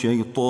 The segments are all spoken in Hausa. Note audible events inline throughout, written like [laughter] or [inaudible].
الشيطان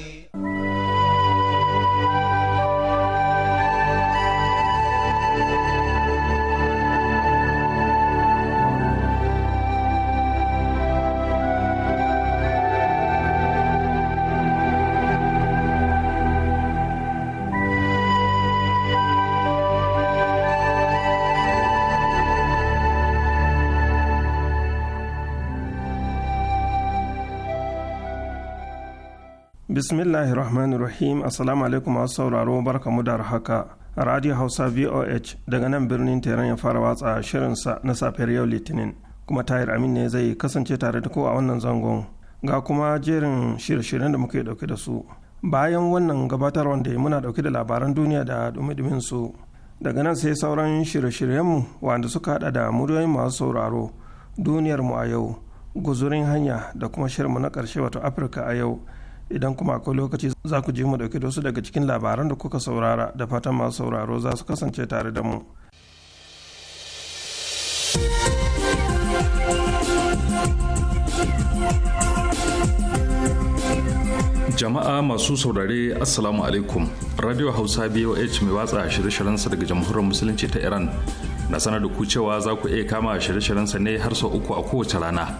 bismillahi rahmanir rahim assalamu alaikum masu sauraro barka mu da haka radio hausa voh daga nan birnin teran ya fara watsa shirinsa na safiyar yau litinin kuma tahir amin ne zai kasance tare da ko a wannan zangon ga kuma jerin shirye-shiryen da muke dauke da su bayan wannan gabatar wanda muna dauke da labaran duniya da dumi su daga nan sai sauran shirye-shiryenmu wanda suka hada da muryoyin masu sauraro duniyarmu a yau guzurin hanya da kuma shirinmu na karshe wato afirka a yau idan kuma akwai lokaci za ku je mu dauke da wasu daga cikin labaran da kuka saurara da fatan masu sauraro za su kasance tare da mu jama'a masu saurare assalamu alaikum radio hausa boh mai watsa shirye sa daga jamhuriyar musulunci ta iran na sanar da ku cewa za ku iya kama shirye-shiryensa ne har sau uku a kowace rana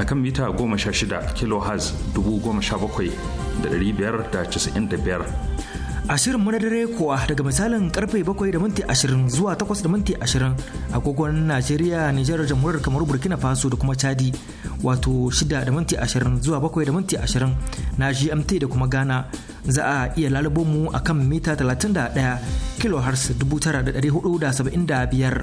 a kan mita 16 kHz 17,595. A Ashirin madadare kuwa daga misalin karfe 7 da minti 20 zuwa 8 da minti 20 agogon Najeriya, Nijar, Jamhuriyar Kamaru, Burkina Faso da kuma Chadi wato 6 da minti 20 zuwa 7 da minti 20 na GMT da kuma Ghana za a iya lalubo mu a kan mita 31 kHz 9,475.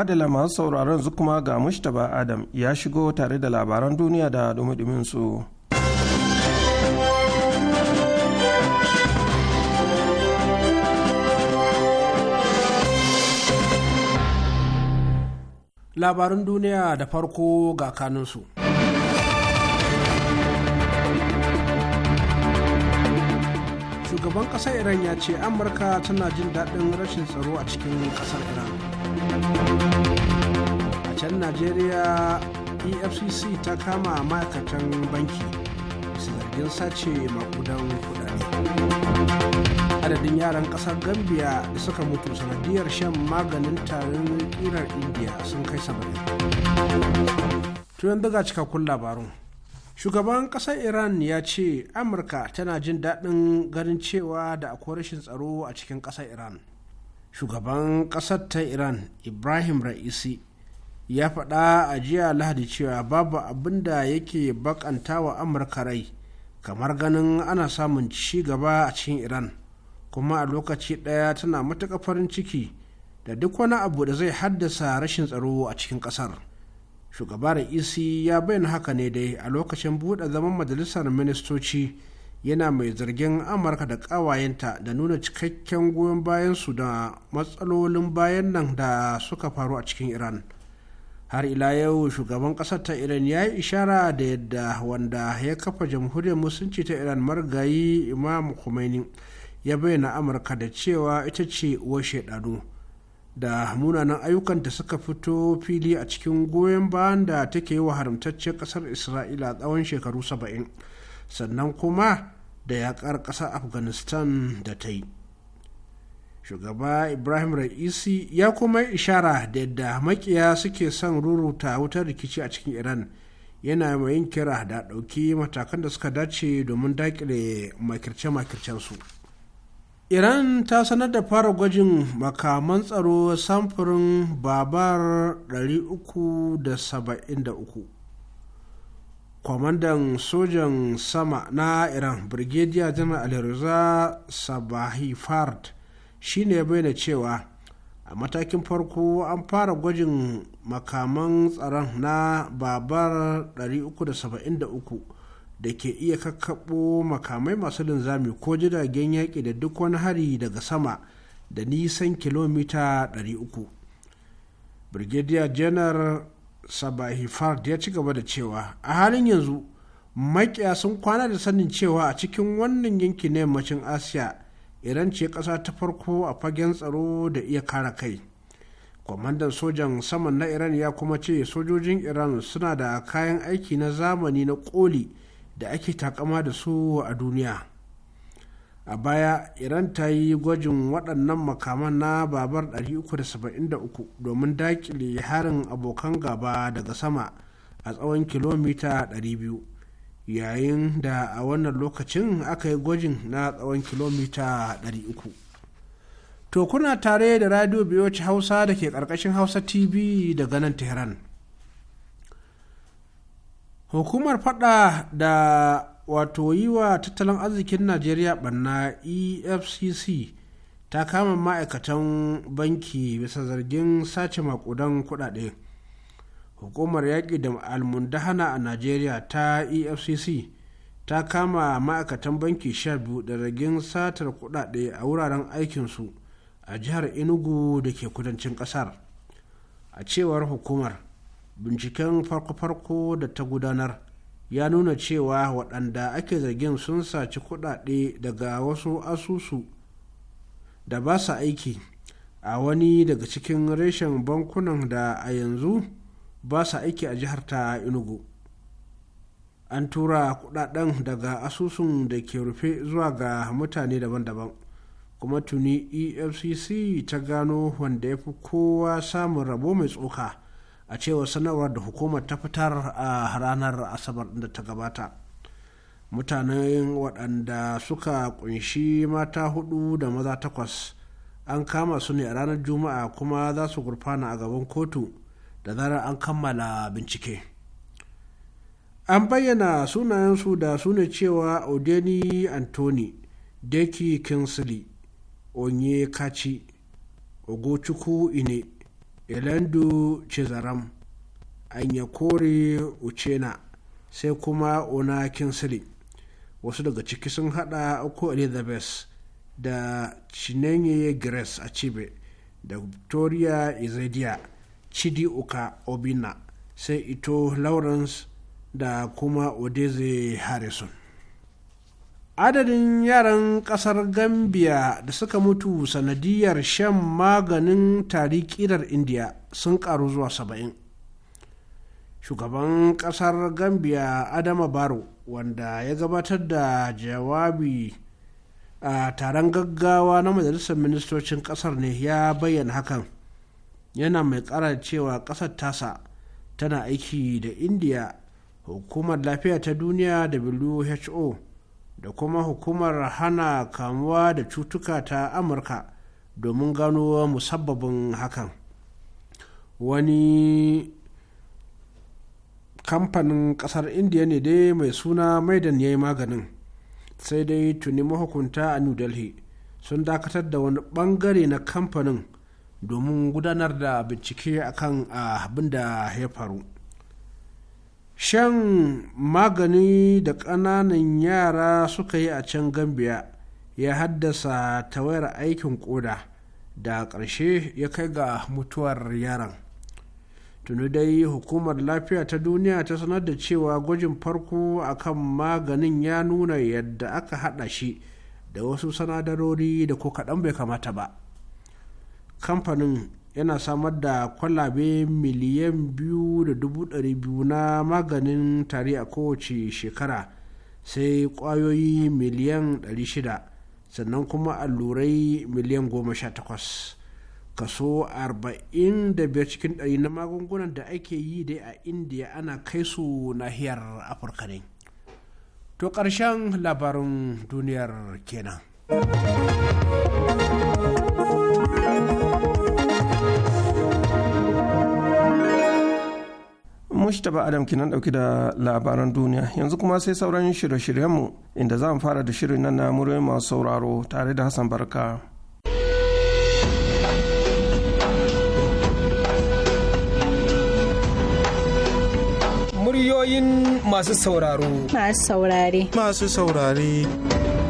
madala masu sauraron zukuma ga mustaba adam ya shigo tare da labaran duniya da dumudumin su labarin duniya da farko ga kanunsu shugaban ƙasar iran ya ce amurka tana jin daɗin rashin tsaro a cikin ƙasar iran can najeriya efcc ta kama ma'aikatan banki su zargin sace makudan kudade adadin yaran kasar gambia da suka mutu sanadiyar shan maganin tarin kirar Indiya sun kai saba'in tunan daga cikakkun labarun shugaban kasar iran ya ce amurka tana jin daɗin ganin cewa da akwai rashin tsaro a cikin kasar iran shugaban kasar ta iran ibrahim ra'isi ya faɗa a jiya lahadi cewa babu abin da yake bakanta wa amurka rai kamar ganin ana samun ci gaba a cikin iran kuma a lokaci ɗaya tana matuƙa farin ciki da duk wani abu da zai haddasa rashin tsaro a cikin ƙasar shugaba ec ya bayyana haka ne dai a lokacin buɗe zaman majalisar ministoci yana mai zargin amurka da ƙawayenta da nuna cikakken goyon bayansu da matsalolin bayan nan da suka faru a cikin iran har ila yau shugaban kasar ta iran ya yi ishara da yadda wanda ya kafa jamhuriyar musulunci ta iran margayi imam khomeini ya bayyana amurka da cewa ita ce uwar shaidanu da munanan ayyukanta suka fito fili a cikin goyon bayan da take yi wa haramtacciyar kasar isra'ila tsawon shekaru saba'in sannan kuma da yaƙar ƙasar afghanistan da ta yi shugaba ibrahim ra'isi ya kuma ishara da yadda makiya suke son ruruta wutar rikici a cikin iran yana mai yin kira da ɗauki matakan da suka dace domin daƙile makirce su. iran ta sanar da fara gwajin makaman tsaro samfurin babar 373 kwamandan sojan sama na iran brigadier general alirza sabahi fard shine ya bayyana cewa a matakin farko an fara gwajin makaman tsaron na babar 373 da ke iya kakkaɓo makamai masu linzami ko jiragen yaƙi da duk wani hari daga sama da nisan kilomita 300 brigadier janar sabahi fard ya ci gaba da cewa a halin yanzu makiya sun kwana da sanin cewa a cikin wannan yanki na yammacin asiya iran ce ƙasa ta farko a fagen tsaro da iya kara kai kwamandan sojan saman na iran ya kuma ce sojojin iran suna da kayan aiki na zamani na koli da ake takama da su a duniya a baya iran ta yi gwajin waɗannan makaman na babar 373 domin daƙile harin abokan gaba daga sama a tsawon kilomita 200 yayin da a wannan lokacin aka yi gwajin na tsawon kilomita 300 to kuna tare da radio biyoci hausa da ke ƙarƙashin hausa tv daga nan tehran hukumar fada da wato yi wa tattalin arzikin najeriya barna efcc ta kama ma'aikatan banki bisa zargin sace makudan kuɗaɗe. hukumar yaƙi da almundahana a najeriya ta efcc ta kama ma'aikatan banki sha biyu da ragin satar kudade a wuraren aikinsu a jihar enugu da ke kudancin kasar a cewar hukumar binciken farko-farko da ta gudanar ya nuna cewa waɗanda ake zargin sun saci kudade daga wasu asusu da ba su aiki a wani daga cikin reshen bankunan da a yanzu ba sa aiki a jihar ta inugu an tura kudaden daga asusun da ke rufe zuwa ga mutane daban-daban kuma tuni efcc ta gano wanda ya fi kowa samun rabo mai tsoka a cewa sanarwar da hukumar ta fitar a ranar asabar da ta gabata mutanen waɗanda suka kunshi mata hudu da maza takwas an kama su ne a ranar juma'a kuma za su gurfana a gaban kotu da zarar an kammala bincike an bayyana sunayensu da suna cewa odeni anthony deki kinsley onye kachi ogochukwu ine elendu cezaram anyakore uchena sai kuma ona kinsley wasu daga ciki sun hada uku elizabeth da chinenye grace achibe da victoria izedia uka obina sai ito lawrence da kuma odeze harrison adadin yaran kasar gambia da suka mutu sanadiyar shan maganin tari indiya india sun karu zuwa saba'in shugaban kasar gambia adama baro wanda ya gabatar da jawabi a taron gaggawa na majalisar ministocin kasar ne ya bayyana hakan yana mai tsara cewa ƙasar tasa tana aiki da indiya hukumar lafiya ta duniya who da kuma hukumar hana kamuwa da cutuka ta amurka domin gano musabbabin hakan wani kamfanin kasar indiya ne dai mai suna maidan ya yi maganin sai dai tuni mahukunta a new delhi sun dakatar da wani bangare na kamfanin domin gudanar da bincike akan ah, abin da ya faru shan magani da ƙananan yara suka yi a can gambia ya haddasa tawayar aikin koda da ƙarshe ya kai ga mutuwar yaran tuni dai hukumar lafiya ta duniya ta sanar da cewa gwajin farko akan maganin ya nuna yadda aka hada shi da wasu sanadarori da ko kaɗan bai kamata ba kamfanin yana samar da kwalabe miliyan biyu da na maganin tari a kowace shekara sai ƙwayoyi miliyan ɗari sannan kuma allurai miliyan goma sha kaso arba'in da cikin ɗari na magungunan da ake yi dai a indiya ana kai su nahiyar afirka ne to ƙarshen labarin duniyar kenan. taba Adam kinan ɗauki da labaran duniya yanzu kuma sai sauran shirye-shiryenmu inda za mu fara da shirin nan na muryoyin masu sauraro tare da Hassan Barka. Muryoyin masu sauraro. Masu Masu saurare.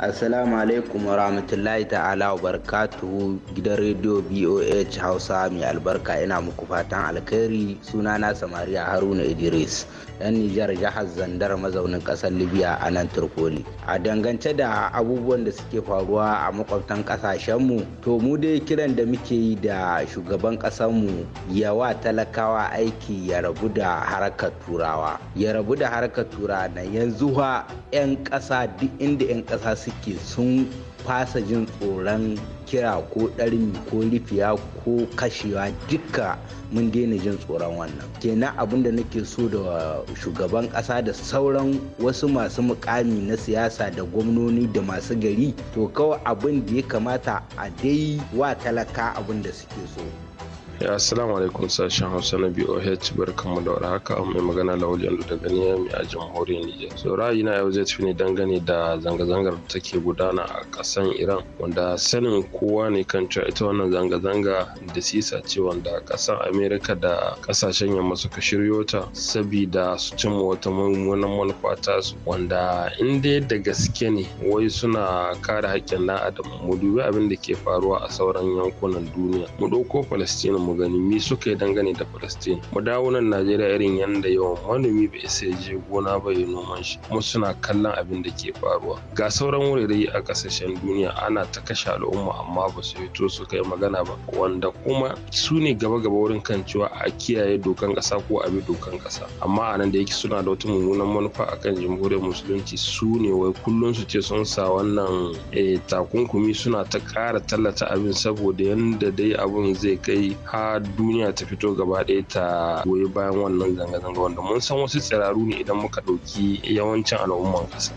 Assalamu alaikum wa rahmatullahi ta'ala wa barakatuhu gidan rediyo BOH Hausa mai albarka ina muku fatan alkhairi sunana Samariya Haruna Idris ɗan Nijar jihar Zandar mazaunin kasar Libya a nan Turkoli. A dangance da abubuwan da suke faruwa a makwabtan ƙasashen mu to mu dai kiran da muke yi da shugaban ƙasar mu yawa talakawa aiki ya rabu da harkar turawa. Ya rabu da harkar turawa na yanzu ha 'yan ƙasa duk inda 'yan ƙasa su suke sun fasa jin tsoron kira ko ɗarmi ko rifiya ko kashewa duka mun daina jin tsoron wannan kenan abin da nake so da shugaban ƙasa da sauran wasu masu mukami na siyasa da gwamnoni da masu gari to kawai abin da ya kamata a dai wa talaka abin da suke so Assalamu alaikum sashen Hausa na BOH kama da haka mai magana da wuli yanzu daga Niyami a jamhuriyar Nijar. So na yau zai tafi ne dangane da zanga-zangar da take gudana a kasan Iran wanda sanin kowa ne kan cewa ita wannan zanga-zanga da sisa ce wanda ƙasar Amerika da kasashen yamma suka shiryo ta sabida su cimma wata mummunan manufa ta su wanda in dai da gaske ne wai suna kare haƙƙin na adam mu dubi abin da ke faruwa a sauran yankunan duniya mu ɗauko Palestina mu gani mi suka yi dangane da Palestine. Mu dawo nan Najeriya irin yanda yawan manomi bai isa je gona ba ya noman shi kuma suna kallon abin da ke faruwa. Ga sauran wurare a kasashen duniya ana ta kashe al'umma amma ba su fito su kai magana ba wanda kuma su ne gaba-gaba wurin kan cewa a kiyaye dokan kasa ko a bi dokan kasa amma a nan da yake suna da wata mummunan manufa akan jamhuriyar musulunci su ne wai kullum su ce sun sa wannan eh, takunkumi suna ta ƙara tallata abin saboda yanda dai abun zai kai har duniya ta fito gaba ɗaya ta goyi bayan wannan zanga-zanga wanda mun san wasu tsiraru ne idan muka ɗauki yawancin al'umman ƙasa.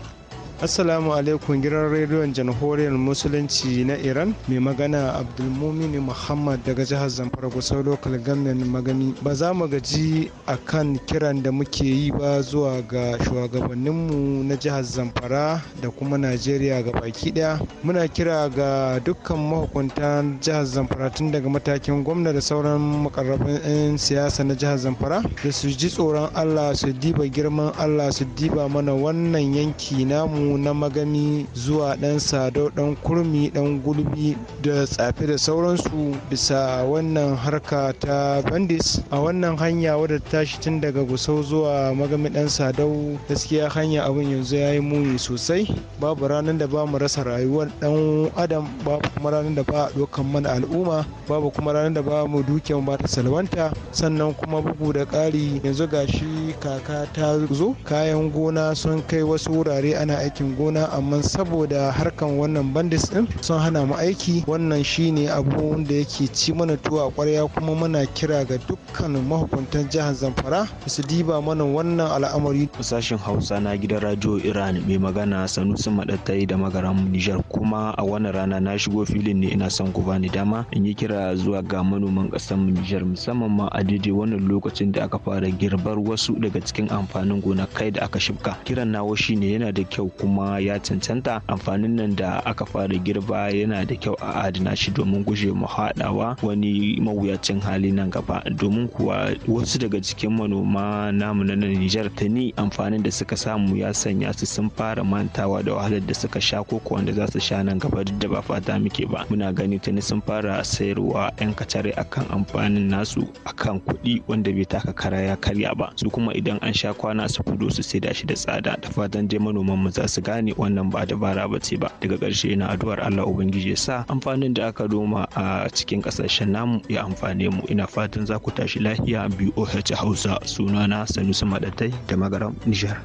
Assalamu alaikum gidan rediyon jamhuriyar musulunci na Iran mai magana Abdulmumini Muhammad daga jihar Zamfara Gusau Local Government Magani. Ba za mu gaji a kan kiran da muke yi ba zuwa ga shugabanninmu na jihar Zamfara da kuma Najeriya ga baki daya. Muna kira ga dukkan mahukuntan jihar Zamfara tun daga matakin gwamna da sauran makarrabin 'yan siyasa na jihar Zamfara da su ji tsoron Allah su diba girman Allah su diba mana wannan yanki namu na magami zuwa ɗan sadau ɗan kurmi ɗan gulbi da tsafi da sauransu bisa wannan harka ta bandis a wannan hanya wadda tashi tun daga gusau zuwa magami ɗan sadau gaskiya hanya abin yanzu ya yi muni sosai babu ranar da ba mu rasa rayuwar ɗan adam babu kuma ranar da ba a ɗaukar mana al'umma babu kuma ranar da ba mu duken ba ta salwanta sannan kuma bugu da ƙari yanzu gashi kaka ta zo kayan gona sun kai wasu wurare ana aiki. aikin gona amma saboda harkan wannan bandits din sun hana mu aiki wannan shine abu da yake ci mana tuwo a kwarya kuma muna kira ga dukkan mahukuntan jihar zamfara su diba mana wannan al'amari sashen hausa na gidan radio iran mai magana sanusi madattai da magaran nijar kuma a wannan rana na shigo filin ne ina son ku bani dama in yi kira zuwa ga manoman kasar nijar musamman ma a daidai wannan lokacin da aka fara girbar wasu daga cikin amfanin gona kai da aka shibka kiran nawo shine yana da kyau kuma ya cancanta amfanin nan da aka fara girba yana da kyau a adana shi domin guje mu haɗawa wani mawuyacin hali nan gaba domin kuwa wasu daga cikin manoma namu na Nijar tani amfanin da suka samu ya sanya su sun fara mantawa da wahalar da suka sha ko wanda za su sha nan gaba duk da ba fata muke ba muna gani tuni sun fara sayarwa yan kacare akan amfanin nasu akan kuɗi wanda bai taka kara ya karya ba su kuma idan an sha kwana su fudo su saida da shi da tsada da fatan je manoman mu za su gane wannan ba dabara ba ce ba daga ƙarshe na addu'ar Allah ubangiji ya sa amfanin da aka noma a cikin kasashen namu ya amfane mu ina fatan za ku tashi lafiya BOH Hausa sunana Sanusi Madatai da Magaram Nijar.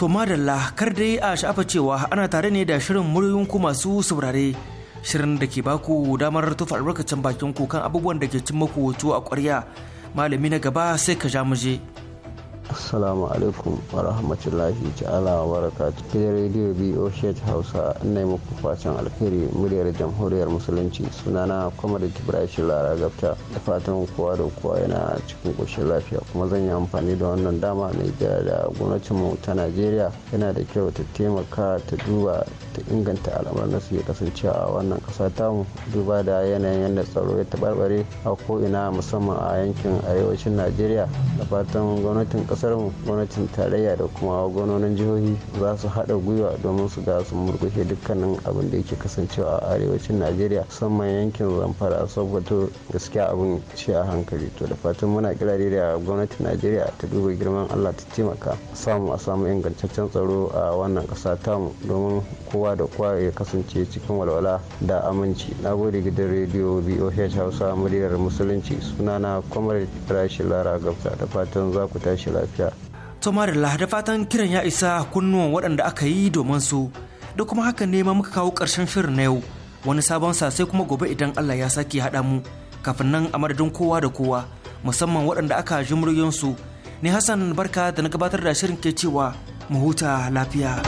To madalla kar dai a sha'afa cewa ana tare ne da shirin muryoyin ku masu saurare shirin da ke baku damar tufa albarkacin bakin ku kan abubuwan da ke cin maku a kwarya malami na gaba sai ka ja muje. Assalamu alaikum wa rahmatullahi ta'ala wa barakatu. Kijar rediyo BOH Hausa na yi muku fatan alheri muryar jamhuriyar musulunci sunana kwamar da Ibrahim Lara Gafta da fatan kowa da kowa yana cikin ƙoshin lafiya kuma zan yi amfani da wannan dama mai kira da mu ta Najeriya yana da kyau ta taimaka ta duba ta inganta al'amuran da suke kasancewa a wannan ƙasa mu. duba da yanayin yadda tsaro ya taɓarɓare a ko'ina musamman a yankin arewacin Najeriya da fatan gwamnatin kasar mu gwamnatin tarayya da kuma gwamnonin jihohi za su haɗa gwiwa domin su ga su murkushe dukkanin abin da yake kasancewa a arewacin najeriya musamman yankin zamfara saboda gaskiya abin ce a hankali to da fatan muna kirare da gwamnatin najeriya ta duba girman allah ta taimaka samu a samu ingantaccen tsaro a wannan ƙasa tamu domin kowa da kowa ya kasance cikin walwala da aminci na gode gidan rediyo boh hausa muryar musulunci sunana kwamar rashin lara gabta da fatan za ku tashi lafiya lafiya. Tomarilla da fatan kiran ya isa kunnuwan waɗanda aka yi domin su da kuma haka ne ma muka kawo ƙarshen shirin na yau wani sabon sa sai kuma gobe idan Allah ya sake haɗa mu kafin nan a madadin kowa da kowa musamman waɗanda aka ji su ne Hassan barka da na gabatar da shirin ke cewa mu huta lafiya.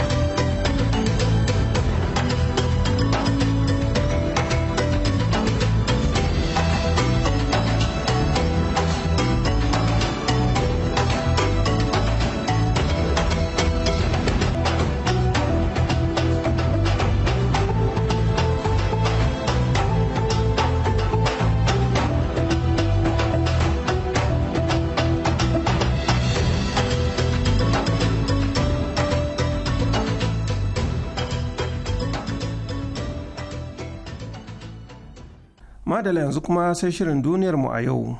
madala yanzu kuma sai shirin duniyar mu a yau.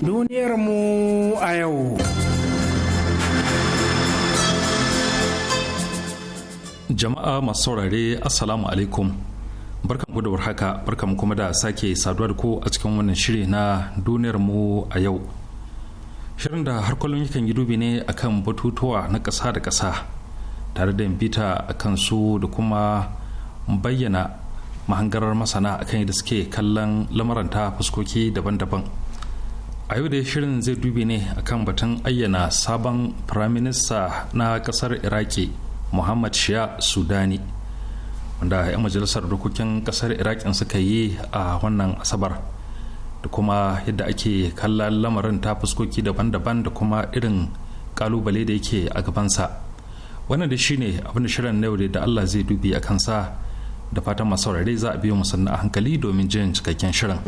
Duniyar mu a yau. Jama'a masu saurare Assalamu alaikum. Barkan ku haka warhaka, barkan kuma da sake saduwa da ku a cikin wannan shiri na duniyar mu a yau. shirin da har kullum yakan yi dubi ne akan batutuwa na ƙasa da ƙasa tare da bita akan su da kuma bayyana mahangarar masana akan yadda suke kallon lamaranta fuskoki daban-daban a yau da shirin zai dubi ne akan batun ayyana sabon firaminista na ƙasar iraki muhammad shia sudani wanda 'yan majalisar dokokin ƙasar iraki suka yi a wannan asabar. da kuma yadda ake kallon lamarin ta fuskoki daban-daban da kuma irin kalubale da yake a gabansa wannan da shine abin da shirin na yau da Allah zai dubi a kansa da fatan masu za a biyo musanna a hankali domin jin cikakken shirin.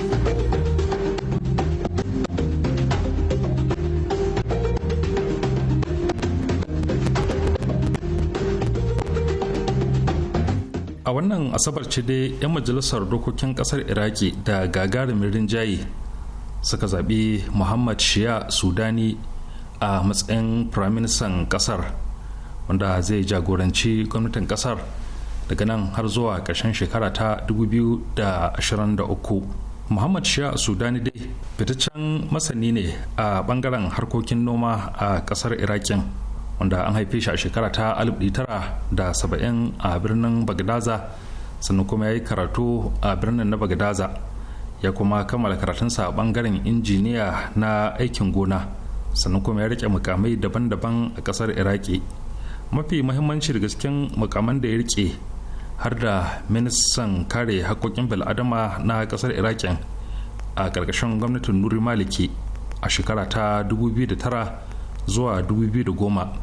wannan asabar ce dai 'yan majalisar dokokin kasar iraki da gagarumin rinjaye suka zaɓi muhammad shia sudani a matsayin firaministan kasar wanda zai jagoranci gwamnatin kasar daga nan har zuwa ƙarshen shekara ta 2023 muhammad shia sudani dai fitaccen masani ne a ɓangaren harkokin noma a kasar irakin wanda an haife shi a shekara ta 1970 a birnin bagdaza sannan kuma ya yi karatu a birnin na bagdaza ya kuma kammala karatunsa a bangaren injiniya na aikin gona sannan kuma ya rike mukamai daban-daban a kasar iraki mafi mahimmanci da gasken mukaman da ya rike har da ministan kare hakokin bil'adama na kasar iraki a ƙarƙashin gwamnatin nuri maliki a shekara ta 2009 zuwa 2010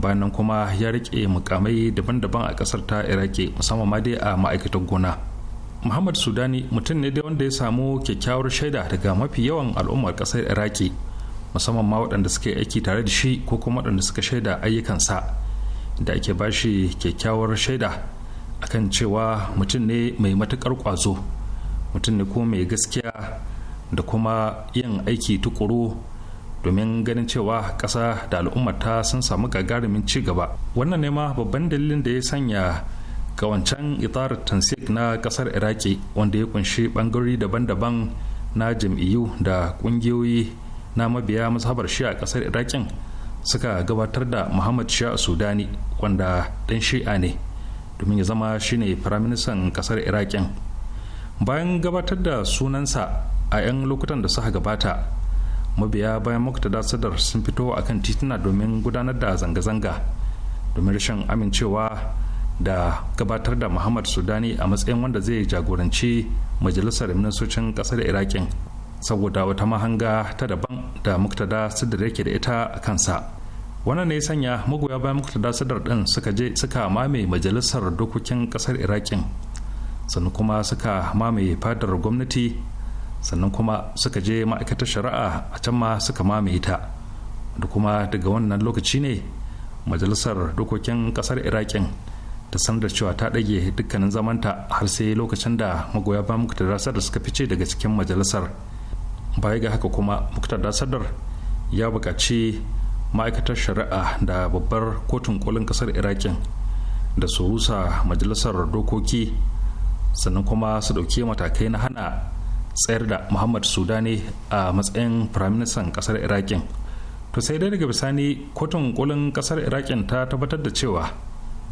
bayan kuma ya rike mukamai daban-daban a kasar ta iraki musamman ma dai a ma'aikatan gona muhammad sudani mutum ne dai wanda ya samu kyakkyawar shaida daga mafi yawan al'ummar kasar iraki musamman ma waɗanda suka yi aiki tare da shi ko kuma waɗanda suka shaida ayyukansa da ake ba shi kyakkyawar shaida akan cewa mutum ne mai matuƙar ƙwazo mutum ne ko mai gaskiya da kuma yin aiki tuƙuru. domin ganin cewa ƙasa da al'ummata sun samu gagarumin ci gaba wannan ne ma babban dalilin da ya sanya ga wancan itarar tansik na ƙasar iraki wanda ya kunshi ɓangarori daban-daban na jam'iyyu da ƙungiyoyi na mabiya mazhabar shi a ƙasar irakin suka gabatar da muhammad sha sudani wanda ɗan shi'a ne domin ya zama shine firaministan ƙasar irakin bayan gabatar da sunansa a 'yan lokutan da suka gabata mabiya bayan muktada sadar sun fito a kan tituna domin gudanar da zanga-zanga domin rashin amincewa da gabatar da muhammad sudani a matsayin wanda zai jagoranci majalisar ministocin kasar irakin saboda wata mahanga ta daban da muktada sadar yake da ita a kansa wannan ne ya sanya magoya bayan muktada sadar din suka je suka mame majalisar dokokin kasar irakin sannan kuma suka mamaye fadar gwamnati sannan kuma suka je ma'aikatar shari'a a can ma suka mamaye ta da kuma daga wannan lokaci ne majalisar dokokin kasar iraƙin ta sanar cewa ta ɗage dukkanin zamanta har sai lokacin da magoya ba muktada sadar suka fice daga cikin majalisar baya ga haka kuma muktada sadar ya buƙaci ma'aikatar shari'a da babbar kotun kolin kasar iraƙin da su rusa majalisar dokoki sannan kuma su ɗauki matakai na hana tsayar da muhammad sudani a matsayin firaministan kasar iraƙin to sai dai daga bisani kotun kolin kasar iraƙin ta tabbatar da cewa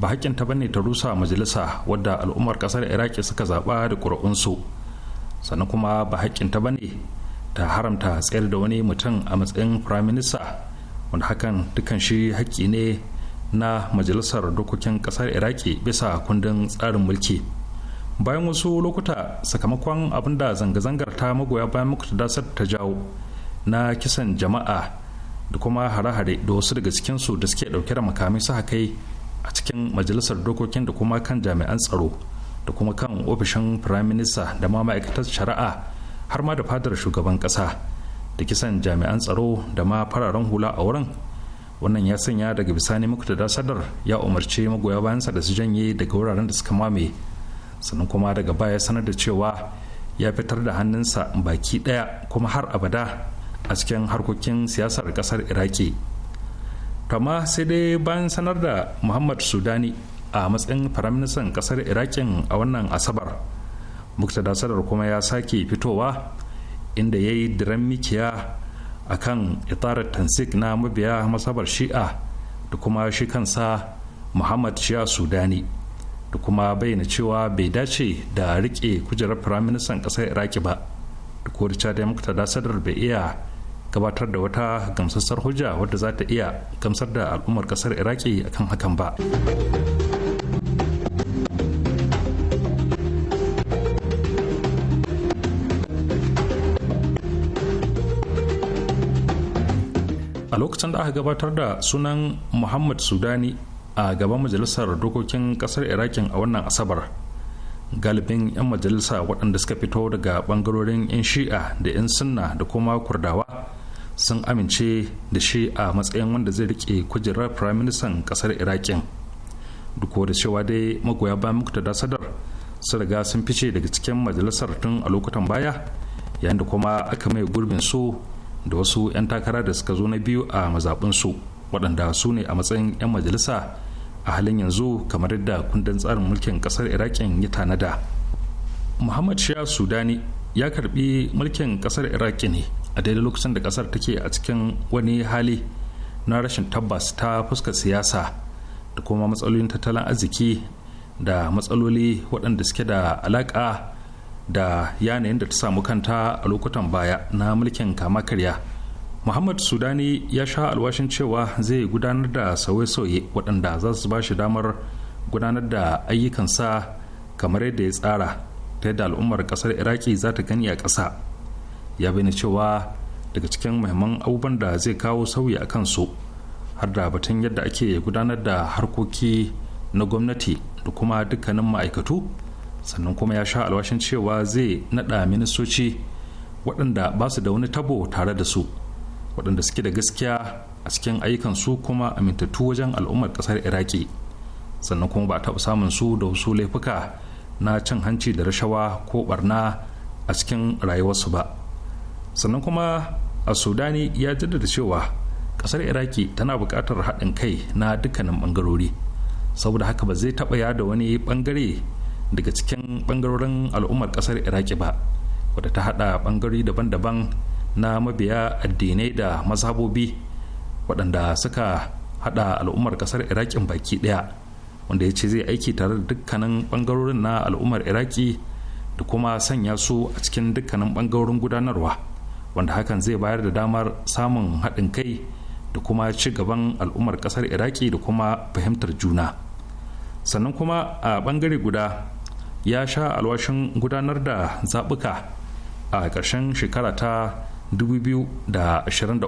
ba ta bane ta rusa majalisa wadda al'ummar kasar iraki suka zaɓa da ƙuri'unsu sannan kuma ba ta bane ta haramta tsayar da wani mutum a matsayin firaminista wanda hakan dukan shi haƙƙi ne na majalisar dokokin kasar iraki bisa kundin tsarin mulki bayan wasu lokuta sakamakon abin da zanga-zangar ta magoya bayan muktadasar ta jawo na kisan jama'a da kuma hare-hare da wasu daga cikinsu da suke dauke da makamai su kai a cikin majalisar dokokin da kuma kan jami'an tsaro da kuma kan ofishin firayim minista da ma ma'aikatar shari'a har ma da fadar shugaban kasa da kisan jami'an tsaro da ma fararen hula a wurin wannan ya sanya daga bisani muku da sadar ya umarci magoya bayansa da su janye daga wuraren da suka mame sannan kuma daga baya sanar da cewa ya fitar da hannunsa baki daya kuma har abada a cikin harkokin siyasar kasar iraki amma sai dai bayan sanar da muhammad sudani a matsayin firaministan kasar irakin a wannan asabar muktada sadar kuma ya sake fitowa inda ya yi diran mikiya a kan itarar tansik na mabiya masabar shi'a da kuma shi kansa muhammad shia sudani da kuma bayyana cewa bai dace da rike kujerar firaministan ƙasar iraki ba da ko richard ta da sadar bai iya gabatar da wata gamsassar hujja wadda za ta iya gamsar da al'ummar ƙasar iraki akan hakan ba a lokacin da aka gabatar da sunan muhammad sudani a gaban majalisar dokokin kasar irakin a wannan asabar galibin 'yan majalisa waɗanda suka fito daga ɓangarorin 'yan shi'a da 'yan sunna da kuma kurdawa sun amince da shi a matsayin wanda zai rike kujerar firaministan kasar irakin duk da cewa dai magoya bayan muktada sadar sun riga sun fice daga cikin majalisar tun a lokutan baya yayin da kuma aka mai gurbin su da wasu 'yan takara da suka zo na biyu a mazaɓinsu waɗanda su ne a matsayin 'yan majalisa a halin yanzu kamar yadda kundin tsarin mulkin kasar iraƙin ya tanada muhammad shia sudani ya karbi mulkin kasar iraqi ne a daidai lokacin da kasar take a cikin wani hali na rashin tabbas ta fuska siyasa da kuma matsalolin tattalin arziki da matsaloli waɗanda suke da alaƙa da yanayin da ta samu kanta a lokutan baya na mulkin kama karya muhammad sudani ya sha alwashin cewa zai gudanar da sauye-sauye waɗanda za su ba shi damar gudanar da ayyukansa kamar yadda ya tsara ta yadda al'ummar ƙasar iraki za ta gani a ƙasa ya bayyana cewa daga cikin muhimman abubuwan da zai kawo sauyi a kansu har da batun yadda ake gudanar da harkoki na gwamnati da kuma dukkanin ma'aikatu sannan kuma ya sha alwashin cewa zai naɗa ministoci waɗanda ba su da wani tabo tare da su waɗanda suke da gaskiya a cikin ayyukan su kuma amintattu wajen al'ummar ƙasar iraki sannan kuma ba taɓa samun su da wasu laifuka na cin hanci da rashawa ko barna a cikin rayuwarsu ba sannan kuma a sudani ya jaddada cewa ƙasar iraki tana buƙatar haɗin kai na dukkanin ɓangarori saboda haka ba zai taɓa yada wani ɓangare daga cikin ɓangarorin al'ummar ƙasar iraki ba wadda ta haɗa ɓangarori daban-daban na mabiya addinai da mazhabobi waɗanda suka haɗa al'ummar ƙasar iraƙin baki ɗaya wanda ya ce zai aiki tare da dukkanin ɓangarorin na al'ummar iraƙi da kuma sanya su a cikin dukkanin ɓangarorin gudanarwa wanda hakan zai bayar da damar samun haɗin kai da kuma ci gaban al'ummar ƙasar iraƙi da kuma fahimtar juna sannan kuma a ɓangare guda ya sha alwashin gudanar da zaɓuka a ƙarshen shekara ta 2023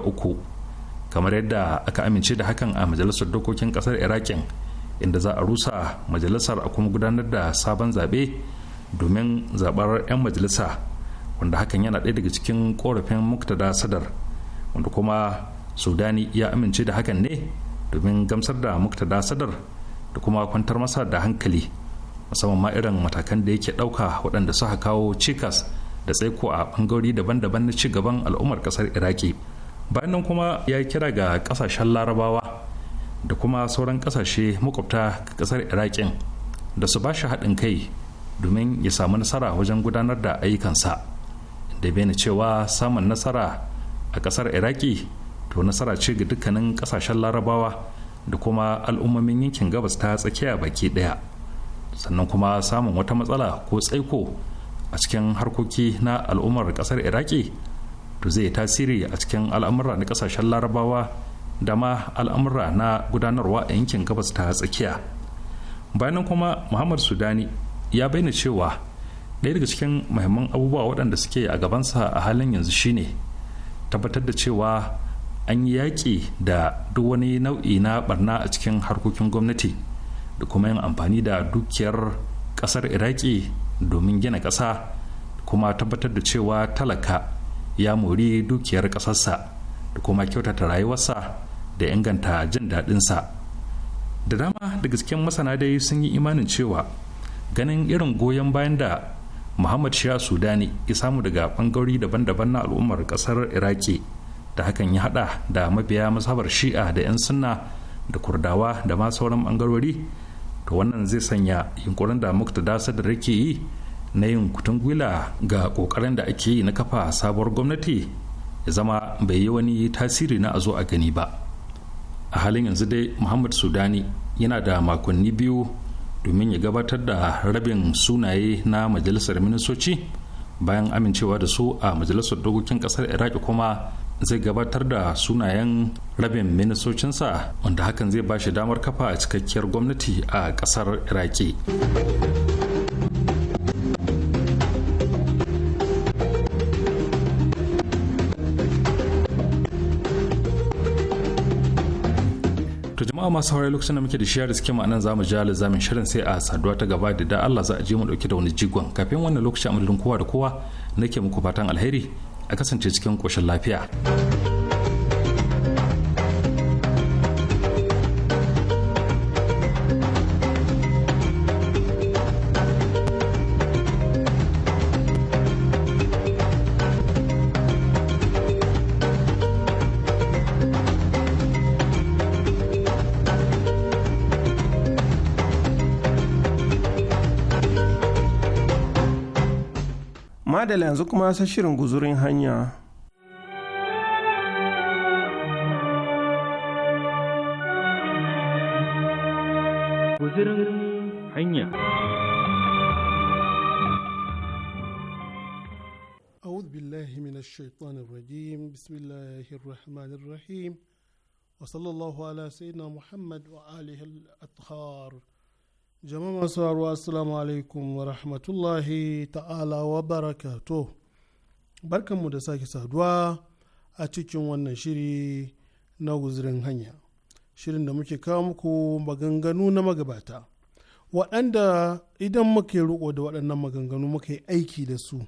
kamar yadda aka amince da hakan a majalisar dokokin kasar irakin inda za a rusa majalisar a kuma gudanar da sabon zaɓe domin zaɓar 'yan majalisa wanda hakan yana ɗaya daga cikin korafin muktada sadar wanda kuma sudani ya amince da hakan ne domin gamsar da muktada sadar da kuma kwantar masa da hankali musamman ma irin matakan da yake ɗauka waɗanda suka kawo cikas da tsaiko a bangarori daban-daban na ci gaban al'ummar kasar iraki bayan nan kuma ya kira ga kasashen larabawa da kuma sauran kasashe makwabta kasar irakin da su ba shi haɗin kai domin ya samu nasara wajen gudanar da ayyukansa da bene cewa samun nasara a kasar iraki to nasara ce ga dukkanin kasashen larabawa da kuma al'ummomin yankin gabas ta tsakiya baki ɗaya sannan kuma samun wata matsala ko tsaiko a cikin harkoki na al'ummar kasar iraki to zai tasiri a cikin al'amura na kasashen larabawa da ma al'amura na gudanarwa a yankin gabas ta tsakiya bayanan kuma muhammad sudani ya bayyana cewa ɗaya daga cikin mahimman abubuwa waɗanda suke a gabansa a halin yanzu shine tabbatar da cewa an yi yaƙi da duk wani nau'i na barna a cikin harkokin gwamnati da kuma yin amfani da dukiyar ƙasar iraki domin gina ƙasa kuma tabbatar da cewa talaka ya mori dukiyar ƙasarsa da kuma kyautata rayuwarsa da inganta jin daɗinsa da dama daga cikin masana dai sun yi imanin cewa ganin irin goyon bayan da muhammad shia sudani ya samu daga ɓangarori daban-daban na al'ummar ƙasar iraki da hakan ya haɗa da mabiya masabar shi'a da 'yan sunna da kurdawa da ma sauran ɓangarori to wannan zai sanya yunkurin da dasa da rake yi na yin kutun gwila ga kokarin da ake yi na kafa sabuwar gwamnati ya zama bai yi wani tasiri na a zo a gani ba a halin yanzu dai muhammad sudani yana da makonni biyu domin ya gabatar da rabin sunaye na majalisar ministoci bayan amincewa da su a majalisar dokokin kasar iraki kuma zai gabatar da sunayen rabin ministocinsa wanda hakan zai ba shi damar kafa a cikakkiyar gwamnati a kasar iraki to jama'a masu haurai lokacin da muke da shiyar suke ma'anan zamu ja lizamin shirin sai a saduwa ta gaba da da Allah za a je mu dauki da wani jigon kafin wannan lokacin amadadin kowa da kowa nake muku fatan alheri a kasance cikin koshin lafiya. madala yanzu kuma san shirin guzurin hanya guzurin hanya أعوذ بالله من الشيطان الرجيم بسم الله الرحمن الرحيم وصلى الله على سيدنا محمد وآله الأطهار jama'a masu haru assalamu alaikum wa rahmatullahi ta'ala wa barakato barkanmu da sake saduwa a cikin wannan shiri na guzurin hanya shirin da muke kawo muku maganganu na magabata waɗanda idan muke riko da waɗannan maganganu muke aiki da su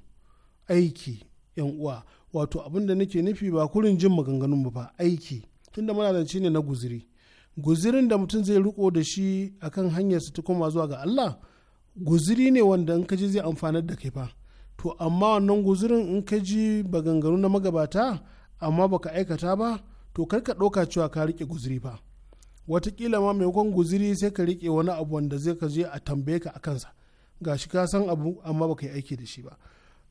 aiki yan uwa wato abin da nake nufi ba kurin jin maganganun ba aiki tunda muna ne na guziri guzirin da mutum zai riko da shi akan hanyarsa ta koma zuwa ga Allah guziri ne wanda in kaji zai amfanar da kai fa to amma wannan guzirin in ka ji baganganu na magabata amma baka aikata ba to kar ka ɗauka cewa ka riƙe guziri fa watakila ma maimakon guziri sai ka riƙe wani abu wanda zai ka je a tambaye ka a kansa gashi ka san abu amma baka yi aiki da shi ba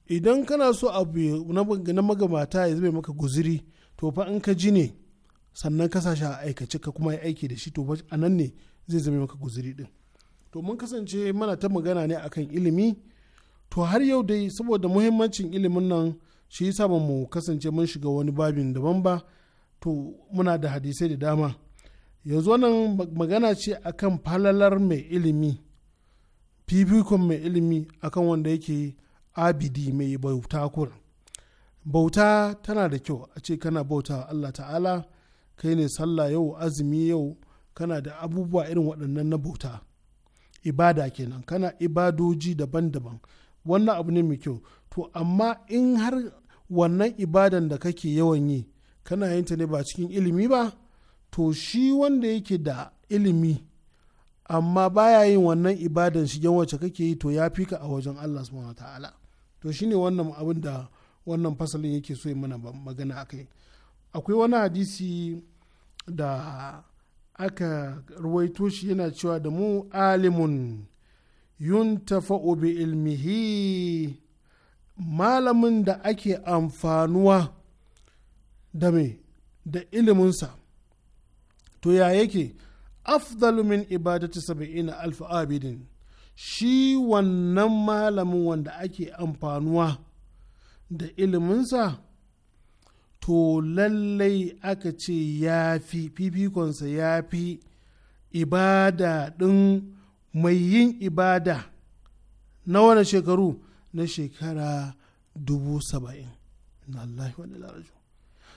idan kana so abu na magabata ya zama maka guziri to fa in ka ji ne sannan ka sashi a aikace ka kuma yi aiki da shi to a nan ne zai zama maka guziri din to mun kasance mana ta magana ne akan ilimi to har yau dai saboda muhimmancin ilimin nan shi yasa ba mu kasance mun shiga wani babin daban ba to muna da hadisai da dama yanzu wannan magana ce akan falalar mai ilimi fifikon mai ilimi akan wanda yake abidi mai bauta kur bauta tana da kyau a ce kana bauta Allah ta'ala kai ne sallah yau azumi yau kana da abubuwa irin waɗannan na bauta ibada kenan kana ibadoji daban-daban wannan abu ne mai kyau to amma in har wannan ibadan da kake yawan yi kana yin ta ne ba cikin ilimi ba to shi wanda yake da ilimi amma baya yin wannan ibadan shigen wacce kake yi to ya fi ka a wajen Allah subhanahu ta'ala to shine wannan abin da wannan fasalin yake so mana magana akai akwai wani hadisi da aka ruwaito shi yana cewa da mu alimun yuntafa'u bi ilmihi malamin da ake amfanuwa da me da iliminsa to ya yake afdalu min ibadati saba'ina alfa abidin shi wannan malamin wanda ake amfanuwa da iliminsa to lallai aka ce ya fi fifikonsa ya fi ibada ɗin mai yin ibada na wani shekaru na shekara dubu saba'in Allah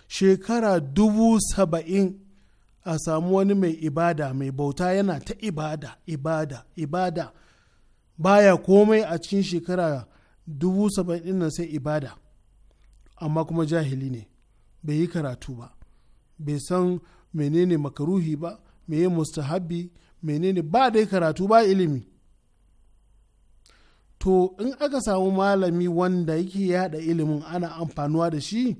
shekara dubu saba'in a samu wani mai ibada mai bauta yana ta ibada ibada ibada baya komai a cikin shekara dubu saba'in na sai ibada amma kuma jahili ne bai yi karatu ba bai san menene makaruhi ba meye mustahabi menene ba dai karatu ba ilimi to in aka samu malami wanda yake yada ilimin ana amfanuwa da shi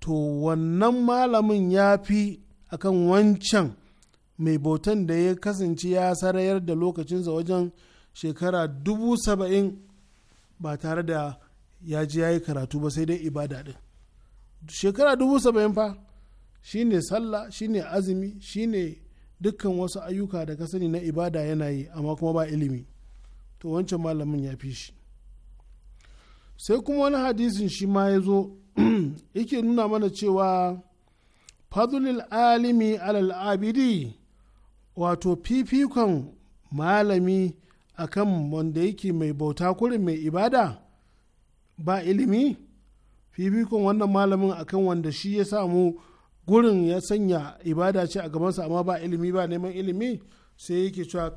to wannan malamin ya fi akan wancan mai bautan da ya kasance ya sarayar da lokacinsa wajen shekara dubu saba'in ba tare da ya ji ya yi karatu ba sai dai ibada din shekara dubu saba'in fa shine sallah shine azumi shine dukkan wasu ayyuka da ka sani na ibada yana yi amma kuma ba ilimi to wancan malamin ya fi shi sai kuma wani hadisin shi ma ya zo [clears throat] yake nuna mana cewa fadlul alimi alal abidi wato fifikon malami akan wanda yake mai bauta kurin mai ibada ba ilimi fifikon wannan malamin akan wanda shi ya samu gurin ya sanya ibada ce a gabansa amma ba ilimi ba neman ilimi sai yake cewa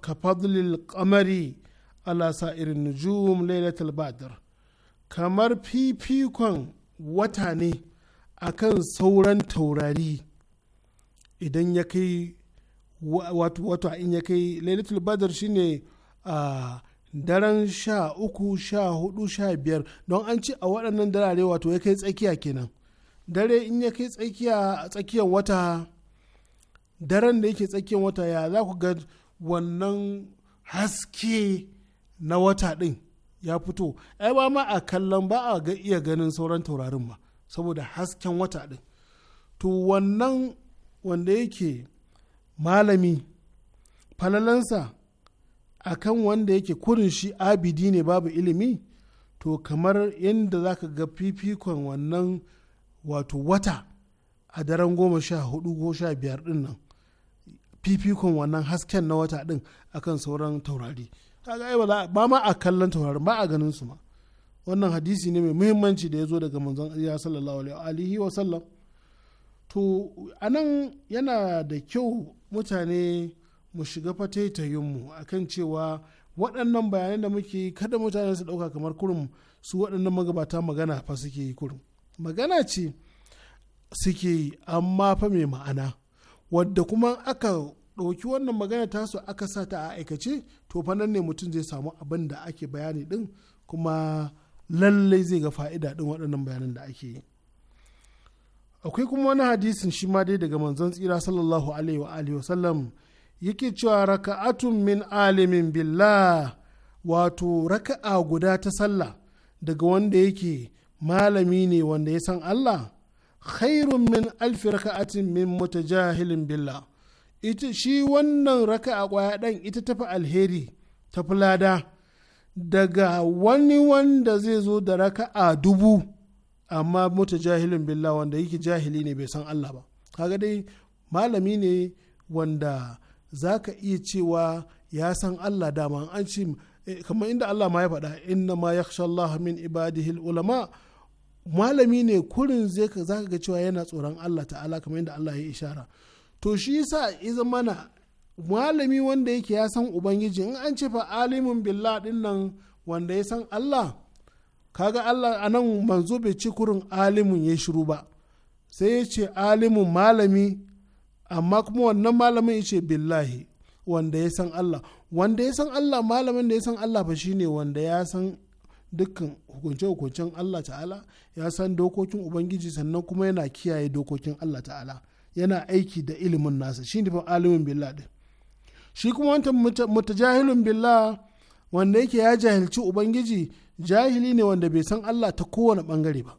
ka fadlil kamari ala sa'irin nujum lailatul badr kamar fifikon wata ne akan sauran taurari idan ya kai wato in ya kai lailatul badr shine a ah, daren sha uku sha hudu sha biyar don an ci a waɗannan darare wato ya kai tsakiya kenan dare in ya kai tsakiya tsakiyar wata daren da yake tsakiyar wata ya za ku ga wannan haske na wata ɗin ya fito ai ba ma a kallon ba a ga iya ganin sauran taurarin ba saboda hasken wata ɗin to wannan wanda yake malami falalansa akan wanda yake kurin shi abidi ne babu ilimi to kamar yadda za ka ga fifikon wannan wato wata a daren goma sha hudu ko sha biyar din nan fifikon wannan hasken na wata din akan sauran taurari ba ma a kallon taurari ba a ganin su ma wannan hadisi ne mai muhimmanci da ya zo daga manzon ya sallallahu alaihi wa sallam to anan yana da kyau mutane mu shiga fataitayinmu a kan cewa waɗannan bayanan da muke yi kada mutane su ɗauka kamar kurum su waɗannan magabata magana fa suke yi kurum magana ce suke yi amma fa mai ma'ana wadda kuma aka ɗauki wannan magana ta tasu aka sa ta a aikace to fa nan ne mutum zai samu abin da ake bayani ɗin kuma lallai zai ga fa'ida ɗin waɗannan bayanan da ake yi akwai kuma wani hadisin shi ma dai daga manzon tsira sallallahu alaihi wa alihi yake cewa raka'atun min alimin billah wato raka'a guda ta sallah daga wanda yake malami ne wanda ya san Allah khairun min alfi raka'atin min mutajahilin billah ita shi wannan raka'a kwaya dan ita tafi alheri tafi lada daga wani wanda zai zo da raka'a dubu amma mutajahilin billah wanda yake jahili ne bai san Allah ba kaga dai malami ne wanda za ka iya cewa ya san Allah dama an ce eh, kamar inda Allah ma ya faɗa inna ma ya Allah min ibadihil ulama malami ne kurin zai ka zaka ga cewa yana tsoron Allah ta'ala kamar inda Allah ya ishara to shi yasa iza mana malami wanda yake ya san ubangiji in an ce fa alimun billah din wanda ya san Allah kaga Allah anan manzo bai ci kurin alimun ya shiru ba sai ya ce alimun malami amma kuma wannan malamin ya ce billahi wanda ya san Allah wanda ya san Allah malamin da ya san Allah fa shine wanda ya san dukkan hukunce-hukuncen Allah ta'ala ya san dokokin Ubangiji sannan kuma yana kiyaye dokokin Allah ta'ala yana aiki da ilimin nasa shine fa alimin billah din shi kuma wanda mutajahilun billah wanda yake ya jahilci Ubangiji jahili ne wanda bai san Allah ta kowane bangare ba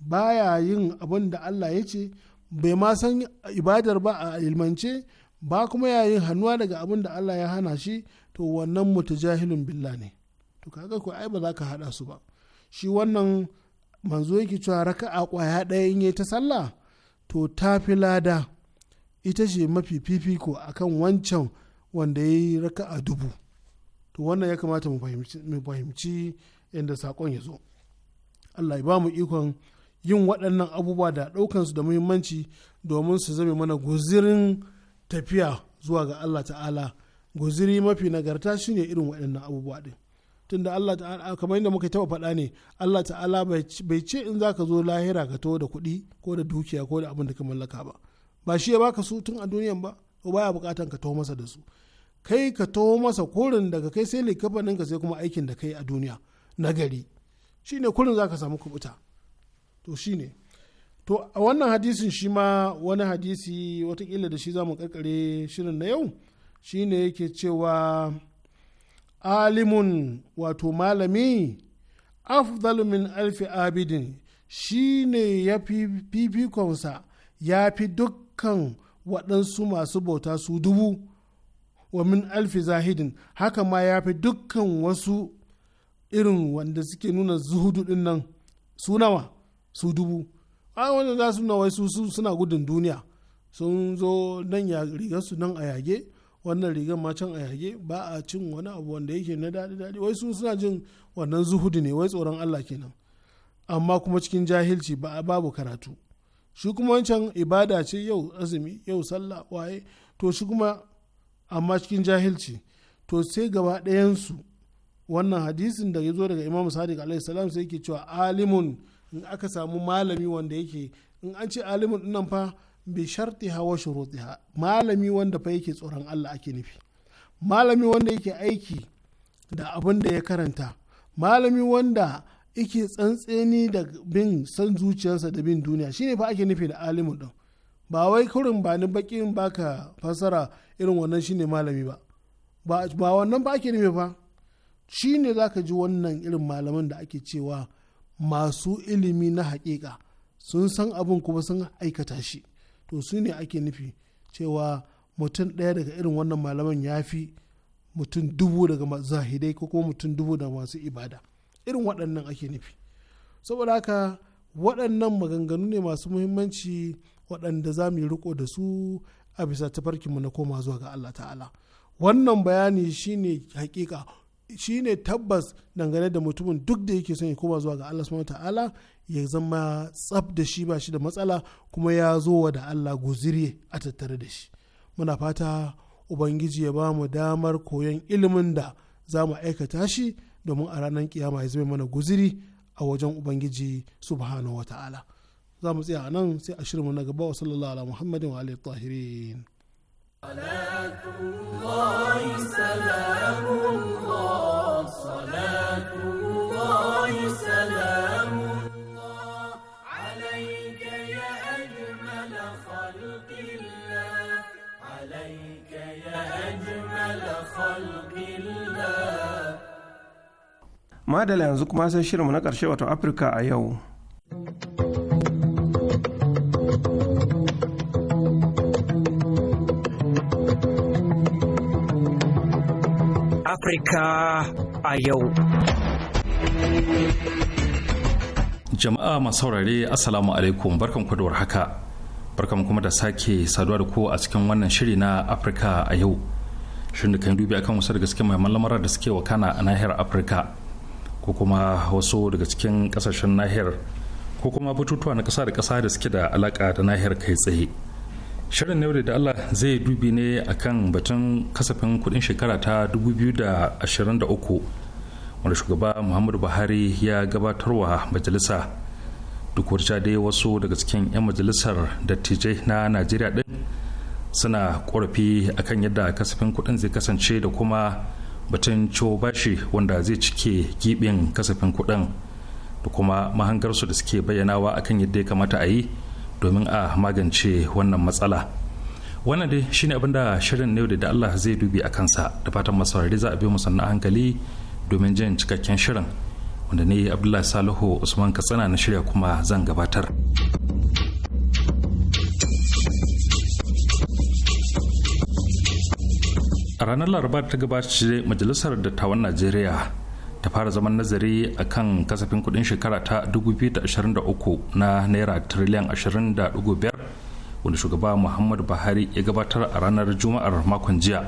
baya yin abin da Allah ya ce bai ma san ibadar ba a ilmance ba kuma yayin hannuwa daga abin da Allah ya hana shi to wannan jahilin billa ne to kaga ko ai ba za ka hada su ba shi wannan manzo yake cewa raka'a kwaya ɗaya in yayi ta sallah to ta fi lada ita ce mafi fifiko akan wancan wanda ya yi raka'a dubu to wannan ya kamata mu fahimci inda saƙon ya zo Allah ya ba mu ikon yin waɗannan abubuwa da ɗaukansu da muhimmanci domin su zame mana guzirin tafiya zuwa ga Allah ta'ala guziri mafi nagarta shine irin waɗannan abubuwa ɗin tunda Allah ta'ala kamar yadda muka taɓa faɗa ne Allah ta'ala bai ce in za ka zo lahira ka taho da kuɗi ko da dukiya ko da abin da ka mallaka ba ba shi ya baka su tun a duniyan ba ko baya bukatan ka taho masa da su kai ka taho masa kurin daga kai sai likafanin ka sai kuma aikin da kai a duniya nagari shine kurin za ka samu kubuta to ne to a wannan hadisin shi ma wani hadisi watakila da shi za mu karkare shirin na yau shi ne yake cewa alimun wato malami afdalmin alfi abidin shi ne ya fi fifikonsa ya fi dukkan waɗansu masu bauta su dubu wa min alfi zahidin haka ma ya fi dukkan wasu irin wanda suke nuna zuhudu ɗin nan su nawa su dubu a wanda za su wai su suna gudun duniya sun zo nan ya rigar su nan a yage wannan rigar ma can a yage ba a cin wani abu wanda yake na daɗi daɗi wai su suna jin wannan zuhudu ne wai tsoron Allah kenan amma kuma cikin jahilci ba babu karatu shi kuma wancan ibada ce yau azumi yau sallah waye to shi kuma amma cikin jahilci to sai gaba ɗayansu wannan hadisin da ya zo daga imam sadiq alaihi salam sai yake cewa alimun in aka samu malami wanda yake in an ce alimin dinnan fa bi sharti hawa shuruti ha malami wanda fa yake tsoron Allah ake nufi malami wanda yake aiki da abin da ya karanta malami wanda yake tsantseni da bin san zuciyarsa da bin duniya shine fa ake nufi da alimin din ba wai kurin ba ni bakin baka fasara irin wannan shine malami ba ba wannan ba ake nufi fa shine zaka ji wannan irin malaman da ake cewa masu ilimi na haƙiƙa sun san abin kuma sun aikata shi to su ne ake nufi cewa mutum ɗaya daga irin wannan malaman ya fi mutum dubu daga zahidai ko kuma mutum dubu da masu ibada irin waɗannan ake nufi saboda haka waɗannan maganganu ne masu muhimmanci waɗanda za mu yi riko da su a bisa tafarkinmu na koma zuwa ga Allah ta'ala wannan bayani shine hakika shi ne tabbas dangane da mutumin duk da yake son ya koma zuwa ga Allah subhanahu ta'ala ya zama tsab da shi ba shi da matsala kuma ya zo wa da Allah guziri a tattare da shi muna fata ubangiji ya ba mu damar koyon ilimin da za mu aikata shi domin a ranar kiyama ya zama mana guziri a wajen ubangiji subhanahu wa ta'ala za mu tsaya nan sai a shirin mu na gaba wa sallallahu ala muhammadin wa alihi tahirin صلاة الله سلام الله عليك يا أجمل خلق الله عليك يا أجمل خلق الله madala yanzu kuma sai shirinmu na ƙarshe wato afirka a yau Afirka a yau. Jama'a masu saurare Assalamu alaikum barkan da warhaka. Barkan kuma da sake saduwa da ku a cikin wannan shiri na Afirka a yau. Shirin da kan dubi akan wasu daga cikin mahimman lamarar da suke wakana a nahiyar Afirka ko kuma wasu daga cikin kasashen nahiyar ko kuma batutuwa na kasa da kasa da suke da alaka da nahiyar kai tsaye. shirin na da allah zai dubi ne akan batun kasafin kudin shekara ta 2023 wanda shugaba muhammadu buhari ya gabatarwa majalisa duk wata dai wasu daga cikin 'yan majalisar dattijai na najeriya din suna korafi akan yadda kasafin kudin zai kasance da kuma batun ciwo bashi wanda zai cike gibin kasafin kudin da kuma mahangarsu da suke bayyanawa akan yadda ya kamata a yi domin a magance wannan matsala wannan dai shine abin da shirin ne da Allah zai dubi a kansa da fatan masaurari za a bi musanna hankali domin jin cikakken shirin wanda ne abdullahi salihu usman katsina na shirya kuma zan gabatar a ranar laraba ta gabata majalisar dattawan najeriya ta fara zaman nazari a kan kasafin kudin shekara ta 2023 na naira triliyan 20.5 wanda shugaba muhammadu buhari ya gabatar a ranar juma'ar makon jiya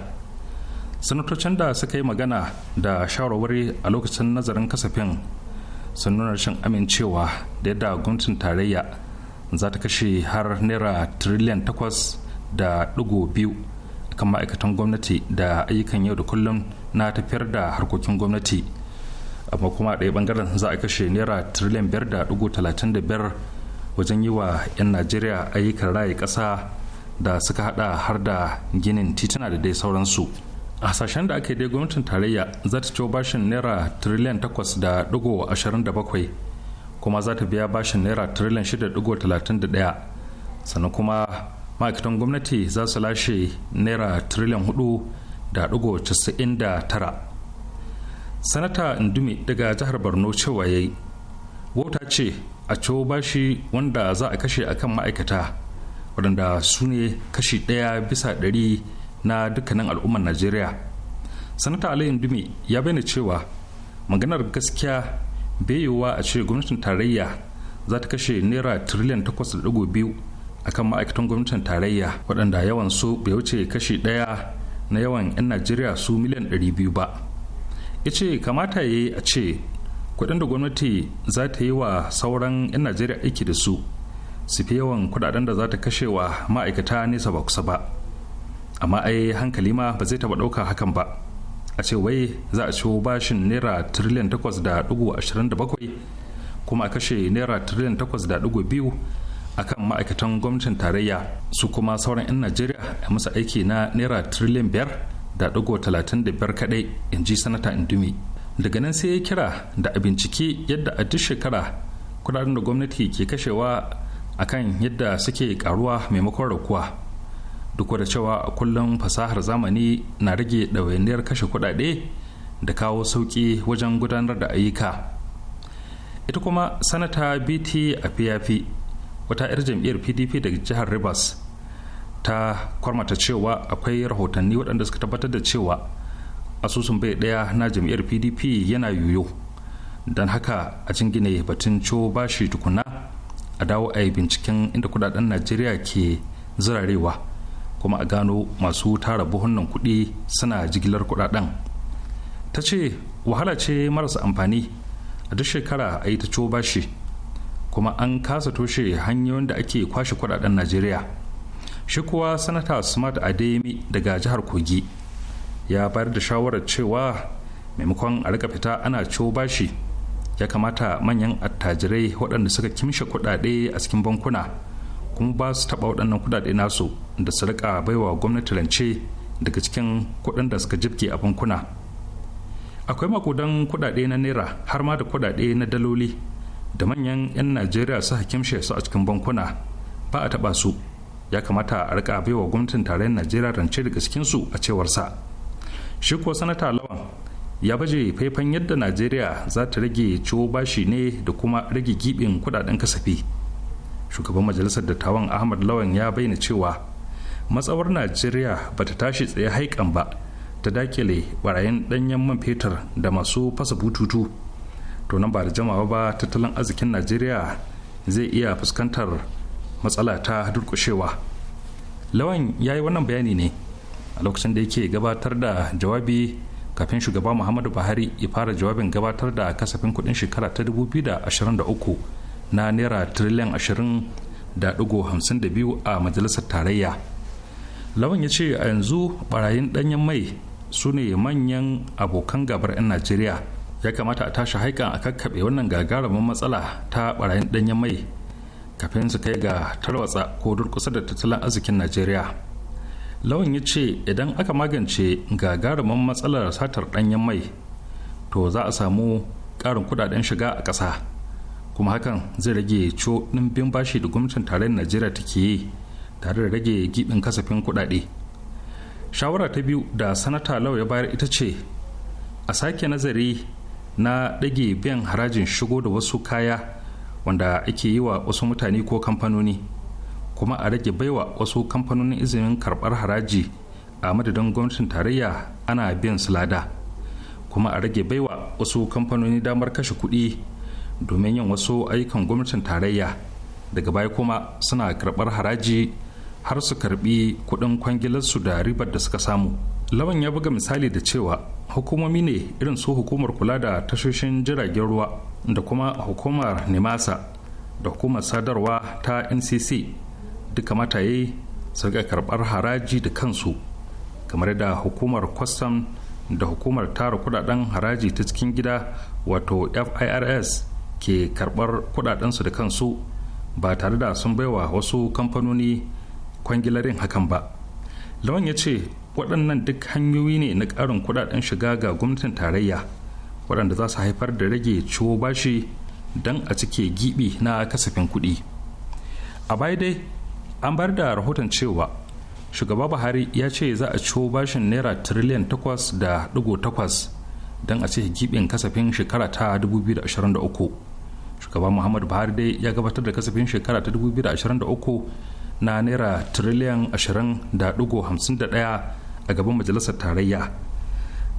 sanatocin da suka yi magana da shawarwari a lokacin nazarin kasafin sun nuna rashin amincewa da yadda gwamnatin tarayya za ta kashe har naira triliyan 8.2 kan ma'aikatan gwamnati da ayyukan yau da kullum na tafiyar da harkokin gwamnati amma kuma a ɗaya bangaren za a kashe naira trillion biyar da dugu talatin da biyar wajen yi wa 'yan najeriya ayyukan raye ƙasa da suka hada har da ginin tituna da dai sauransu a hasashen da ake dai gwamnatin tarayya za ta ciwo bashin naira trillion takwas da dugu ashirin da bakwai kuma za ta biya bashin naira trillion shida dugu talatin da ɗaya sannan kuma ma'aikatan gwamnati za su lashe naira trillion hudu da dugu casa'in da tara sanata indumi daga jihar borno cewa ya yi wauta ce a ciwo bashi wanda za a kashe akan ma'aikata waɗanda su ne kashi ɗaya bisa ɗari na dukkanin al'ummar najeriya sanata ali indumi ya bayyana cewa maganar gaskiya bayewa a ce gwamnatin tarayya za ta kashe naira tiriliyan 8.2 akan ma'aikatan gwamnatin tarayya waɗanda yawan su bai wuce kashi ɗaya na yawan 'yan najeriya su miliyan 200 ba ya ce kamata ya yi a ce kuɗin da gwamnati za ta yi wa sauran 'yan najeriya aiki da su su fi yawan kuɗaɗen da za ta kashe wa ma'aikata nesa ba kusa ba amma ai hankali ma ba zai taba ɗauka hakan ba a ce wai za a ciwo bashin naira tiriliyan bakwai kuma a kashe naira tiriliyan a kan ma'aikatan gwamnatin tarayya su kuma sauran 'yan najeriya a musu aiki na naira tiriliyan biyar. da ɗigo talatin da biyar kaɗai in ji sanata in dumi daga nan sai ya kira da a bincike yadda a duk shekara kudaden da gwamnati ke kashewa akan yadda suke karuwa maimakon raukuwa duk da cewa kullum fasahar zamani na rage ɗawainiyar kashe kudade da kawo sauƙi wajen gudanar da ayyuka ita kuma sanata bt a wata 'yar jam'iyyar pdp daga jihar rivers ta kwarmata cewa akwai rahotanni waɗanda suka tabbatar da cewa asusun bai ɗaya na jam'iyyar pdp yana yoyo don haka a jingine batun co bashi tukuna a dawo a yi binciken inda kudaden najeriya ke zirarewa kuma a gano masu tara buhunan kuɗi suna jigilar kudaden ta ce wahala ce marasa amfani a duk shekara a yi ta co bashi kuma an kasa toshe hanyoyin da ake kwashe kudaden najeriya shi kuwa sanata smart adeyemi daga jihar kogi ya bayar da shawarar cewa maimakon a rika fita ana ciwo bashi ya kamata manyan attajirai waɗanda suka kimshe kuɗaɗe a cikin bankuna kuma ba su taɓa waɗannan kuɗaɗe nasu da su rika baiwa gwamnati rance daga cikin kuɗin da suka jibge a bankuna akwai makudan kuɗaɗe na naira har ma da kuɗaɗe na daloli da manyan 'yan najeriya su hakimshe su a cikin bankuna ba a taɓa su ya kamata a rika wa gwamnatin tarayyar najeriya rance gaskin su a sa. shi ko sanata lawan ya baje faifan yadda najeriya za ta rage ciwo bashi ne da kuma rage gibin kudaden kasafi shugaban majalisar dattawan ahmad lawan ya bayyana cewa matsawar najeriya ba ta tashi tsaye haikan ba ta dakile barayin danyen man fetur da masu fasa bututu to nan ba da jama'a ba tattalin arzikin najeriya zai iya fuskantar matsala ta durkushewa lawan ya yi wannan bayani ne a lokacin da yake gabatar da jawabi kafin shugaba muhammadu buhari ya fara jawabin gabatar da kasafin kuɗin shekara ta 2023 na naira tiriliyan 20.52 a majalisar tarayya lawan ya ce a yanzu barayin danyen mai su ne manyan abokan gabar 'yan najeriya ya kamata a tashi haikan a kakkaɓe wannan gagarumin matsala ta barayin danyen mai kafin su kai ga tarwatsa ko durkusa da tattalin arzikin najeriya lawan ya ce idan aka magance gagarumin matsalar satar danyen mai to za a samu ƙarin kudaden shiga a ƙasa kuma hakan zai rage co ɗimbin bashi da gwamnatin tarayyar najeriya take yi tare da rage gibin kasafin kudade shawara ta biyu da sanata lau ya bayar ita ce a sake nazari na ɗage biyan harajin shigo da wasu kaya wanda ake yi wa wasu mutane ko kamfanoni kuma a rage baiwa wasu kamfanonin izinin karɓar haraji a madadin gwamnatin tarayya ana biyan su lada kuma a rage baiwa wasu kamfanoni damar kashe kuɗi domin yin wasu ayyukan gwamnatin tarayya daga baya kuma suna karɓar haraji har su karɓi kuɗin kwangilarsu da ribar da suka samu lawan ya buga misali da cewa hukumomi ne irin su hukumar kula da tashoshin jiragen ruwa da kuma hukumar nemasa da hukumar sadarwa ta ncc duka mataye su ga karbar haraji da kansu kamar da hukumar kwastam da hukumar tara kudaden haraji ta cikin gida wato firs ke karbar kudadensu da kansu ba tare da sun baiwa wasu kamfanoni kwangilarin hakan ba lawan ya ce waɗannan duk hanyoyi ne na ƙarin kudaden shiga ga gwamnatin tarayya waɗanda za su haifar da rage ciwo bashi don a cike gibi na kasafin kuɗi a baya dai an bar da rahoton cewa shugaba buhari ya ce za a ciwo bashin naira tiriliyan takwas da digo takwas don a cike gibin kasafin shekara ta 2023 shugaba muhammadu buhari dai ya gabatar da kasafin shekara ta 2023 na naira tiriliyan 20.51 a gaban majalisar tarayya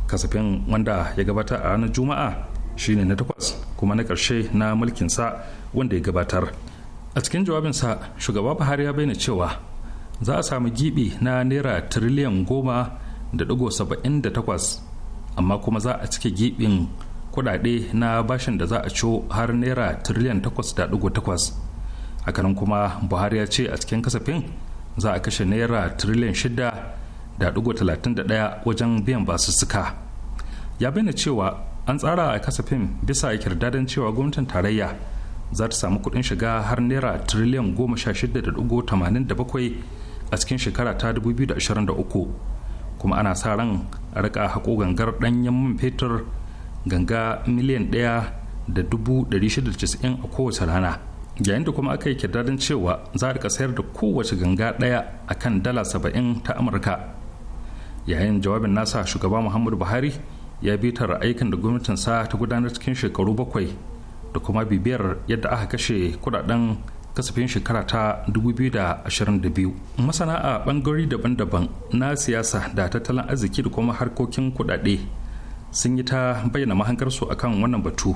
kasafin wanda ya gabata a ranar juma'a shine na takwas kuma na ƙarshe na mulkin sa wanda ya gabatar a cikin jawabinsa shugaba buhari ya bayyana cewa za a samu gibi na naira tiriliyan goma da digo saba'in da takwas amma kuma za a cike gibin kudade na bashin da za a ciwo har naira tiriliyan takwas da digo takwas hakanan kuma buhari ya ce a cikin kasafin za a kashe naira tiriliyan shida da wajen biyan basussuka ya bayyana cewa an tsara a kasafin bisa kirdadan cewa gwamnatin tarayya za ta samu kuɗin shiga har naira tiriliyan goma a cikin shekara ta 2023 kuma ana sa ran a rika haƙo gangar ɗanyen man fetur ganga miliyan ɗaya a kowace rana yayin da kuma aka yi kirdadin cewa za a rika sayar da kowace ganga ɗaya akan dala saba'in ta amurka yayin jawabin nasa shugaba muhammadu buhari ya bi ta aikin da gwamnatinsa ta gudanar cikin shekaru bakwai da kuma bibiyar yadda aka kashe kudaden kasafin shekara ta 2022 masana a bangarori daban-daban na siyasa da tattalin arziki da kuma harkokin kudade sun yi ta bayyana su akan wannan batu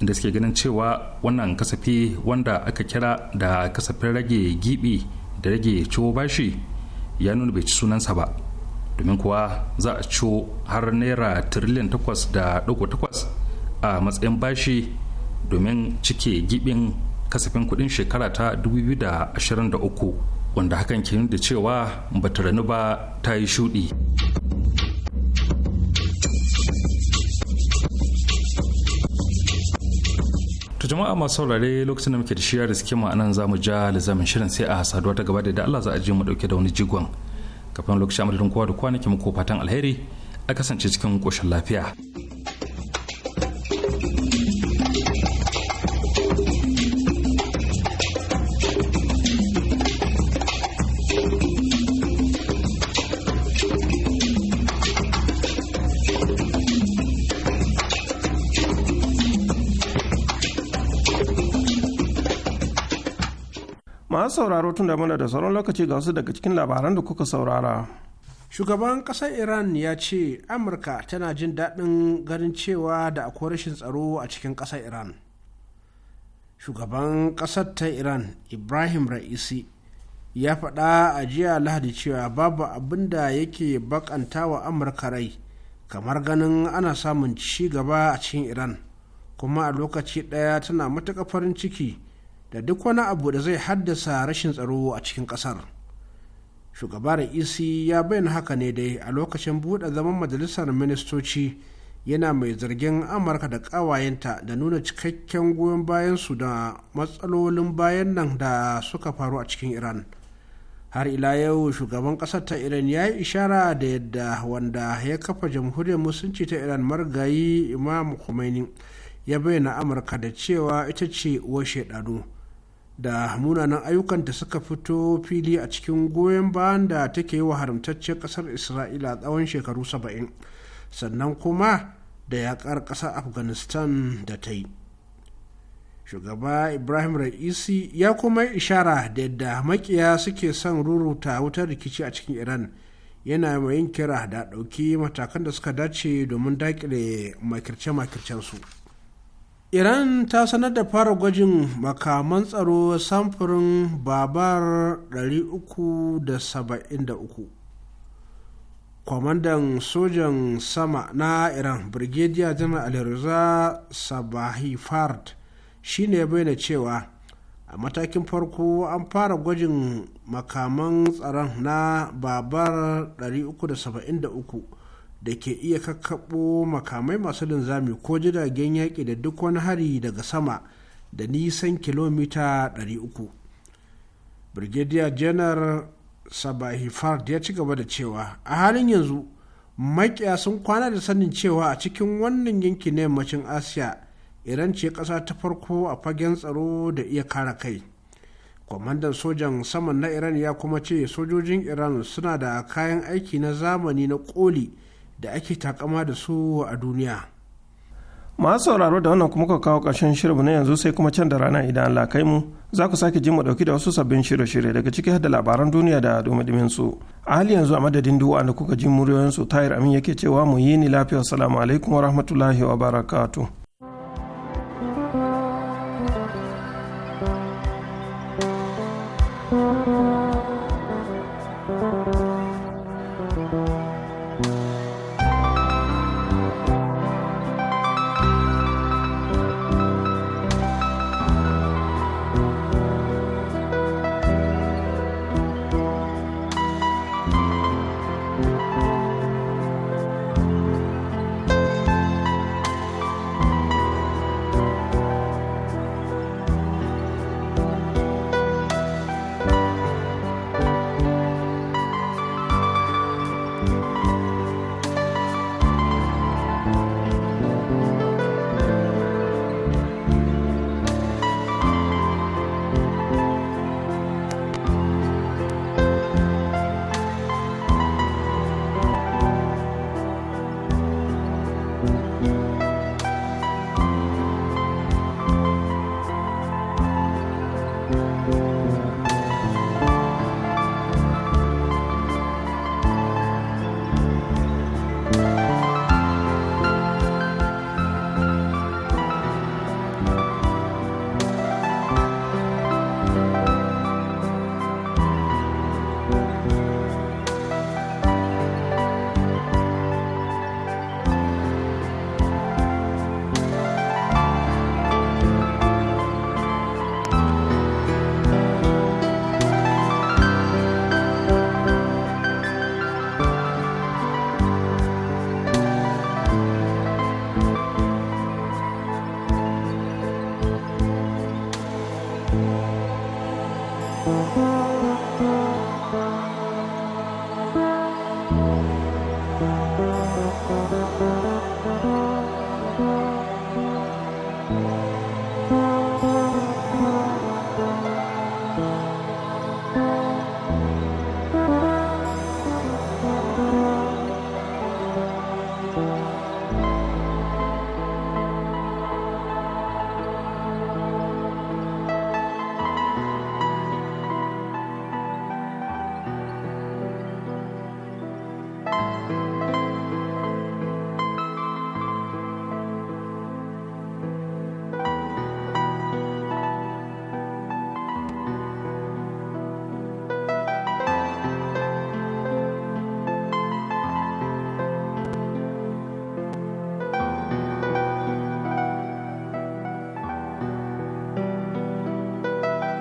inda suke ganin cewa wannan kasafi wanda aka kira da kasafin rage gibi da rage ciwo bashi ya nuna bai ci sunansa ba domin kuwa za a ciwo har naira tiriliyan takwas da ɗigo takwas a matsayin bashi domin cike gibin kasafin kudin shekara ta 2023 wanda hakan ke da cewa bata ranu ba ta yi shuɗi. To jama'a masu saurare lokacin da muke da shiyar da sikima anan za mu ja lizamin shirin sai a saduwa ta gaba da Allah za a je mu dauke da wani jigon. kafin lokaci amurin kowa da kwanaki muku fatan alheri a kasance cikin koshin lafiya. masu sauraro tun da muna da sauran lokaci ga wasu daga cikin labaran da kuka saurara shugaban ƙasar iran ya ce amurka tana jin daɗin ganin cewa da akwai rashin tsaro a cikin ƙasar iran shugaban ƙasar ta iran ibrahim ra'isi ya faɗa a jiya lahadi cewa babu abin da yake bakanta wa amurka rai kamar ganin ana samun ci gaba a cikin iran kuma a lokaci ɗaya tana matuka farin ciki da duk wani abu da zai haddasa rashin tsaro a cikin kasar Shugaba ec ya bayyana haka ne dai a lokacin buɗe zaman majalisar ministoci yana mai zargin Amurka da ƙawayenta da nuna cikakken goyon bayan su da matsalolin bayan nan da suka faru a cikin Iran. har ila yau shugaban ƙasar ta iran ya yi ishara da yadda wanda ya kafa jamhuriyar musulunci ta iran margayi imam khomeini ya bayyana amurka da cewa ita ce washe shaidanu da munanan ayyukan da suka fito fili a cikin goyon bayan da take yi wa haramtacciyar kasar isra'ila tsawon shekaru saba'in sannan kuma da yaƙar ƙasar afghanistan da ta yi shugaba ibrahim ra'isi ya kuma ishara da yadda makiya suke son ruruta wutar rikici a cikin iran yana mai yin kira da ɗauki matakan da suka dace domin dakile makirce-makircensu. su iran ta sanar da fara gwajin makaman tsaro samfurin babar 373 kwamandan sojan sama na iran brigadier general alirza sabahi fard shine ya bayyana cewa a matakin farko an fara gwajin makaman tsaron na babar 373 da ke iya kakkaɓo makamai masu linzami ko jiragen yaƙi da duk wani hari daga sama da nisan kilomita 300 brigadier janar sabahi fard ya ci gaba da cewa a halin yanzu makiya sun kwana da sanin cewa a cikin wannan yanki na yammacin asiya iran ce ƙasa ta farko a fagen tsaro da iya kara kai kwamandan sojan saman na iran ya kuma ce sojojin iran suna da kayan aiki na zamani na koli da ake takama da su a duniya masu sauraro da wannan kuma ka kawo ƙarshen shirinmu na yanzu sai kuma can da rana idan Allah kai mu za ku sake jin mu dauki da wasu sabbin shirye-shirye daga ciki da labaran duniya da dumi su a hali yanzu a madadin duwa da kuka ji muryoyin su tayar amin yake cewa mu yi ni lafiya salamu alaikum wa rahmatullahi wa barakatuh